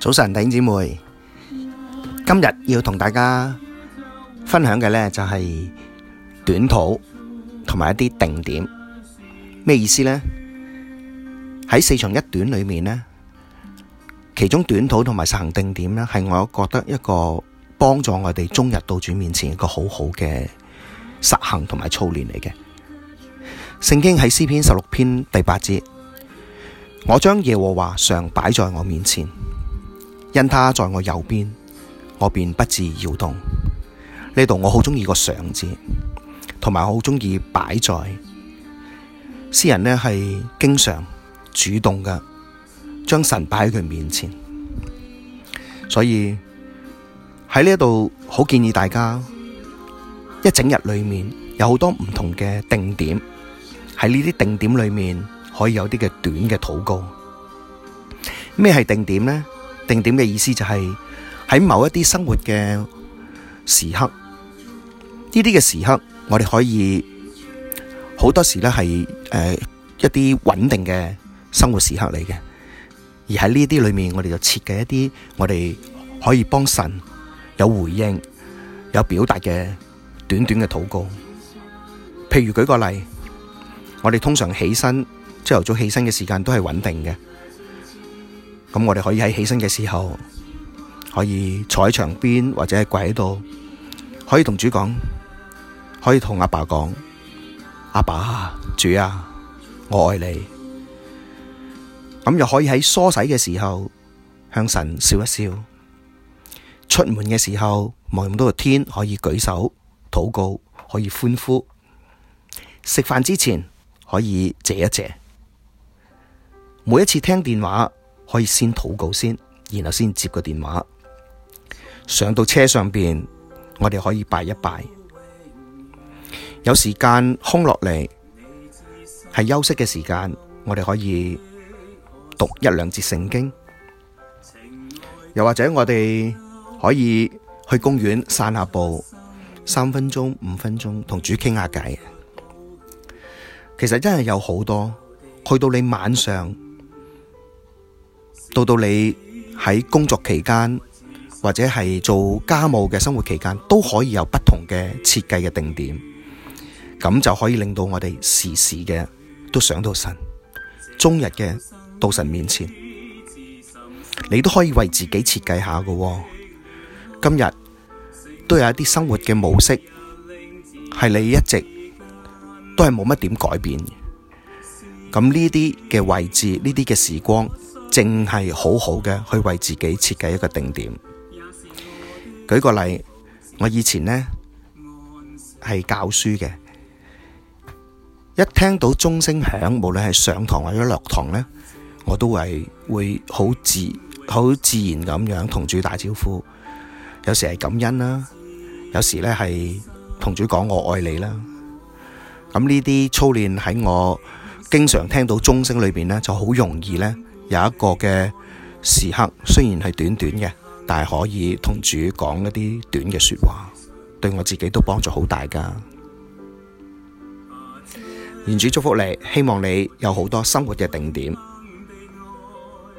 早晨，弟兄姊妹，今日要同大家分享嘅呢，就係短禱同埋一啲定點，咩意思呢？喺四長一短裏面呢，其中短禱同埋實行定點呢係我覺得一個幫助我哋終日到主面前一個好好嘅實行同埋操練嚟嘅。聖經喺詩篇十六篇第八節，我將耶和華常擺在我面前。因他在我右邊，我便不自搖動。呢度我好中意個上字，同埋我好中意擺在，詩人呢係經常主動嘅將神擺喺佢面前，所以喺呢度好建議大家一整日裏面有好多唔同嘅定點，喺呢啲定點裏面可以有啲嘅短嘅禱告。咩係定點呢？定點嘅意思就係喺某一啲生活嘅時刻，呢啲嘅時刻我哋可以好多時咧係誒一啲穩定嘅生活時刻嚟嘅，而喺呢啲裏面我哋就設計一啲我哋可以幫神有回應、有表達嘅短短嘅禱告。譬如舉個例，我哋通常起身朝頭早起身嘅時間都係穩定嘅。咁我哋可以喺起身嘅時候，可以坐喺牆邊或者係跪喺度，可以同主講，可以同阿爸講，阿爸，主啊，我愛你。咁又可以喺梳洗嘅時候向神笑一笑，出門嘅時候望咁多個天可以舉手禱告，可以歡呼，食飯之前可以謝一謝，每一次聽電話。可以先禱告先，然後先接個電話。上到車上邊，我哋可以拜一拜。有時間空落嚟，係休息嘅時間，我哋可以讀一兩節聖經。又或者我哋可以去公園散下步，三分鐘、五分鐘，同主傾下偈。其實真係有好多，去到你晚上。到到你喺工作期間，或者係做家務嘅生活期間，都可以有不同嘅設計嘅定點，咁就可以令到我哋時時嘅都想到神，終日嘅到神面前，你都可以為自己設計下㗎喎。今日都有一啲生活嘅模式，係你一直都係冇乜點改變嘅。咁呢啲嘅位置，呢啲嘅時光。淨係好好嘅，去為自己設計一個定點。舉個例，我以前咧係教書嘅，一聽到鐘聲響，無論係上堂或者落堂咧，我都係會好自好自然咁樣同主打招呼。有時係感恩啦，有時咧係同主講我愛你啦。咁呢啲操練喺我經常聽到鐘聲裏邊咧，就好容易咧。有一個嘅時刻，雖然係短短嘅，但係可以同主講一啲短嘅說話，對我自己都幫助好大㗎。願主祝福你，希望你有好多生活嘅定點。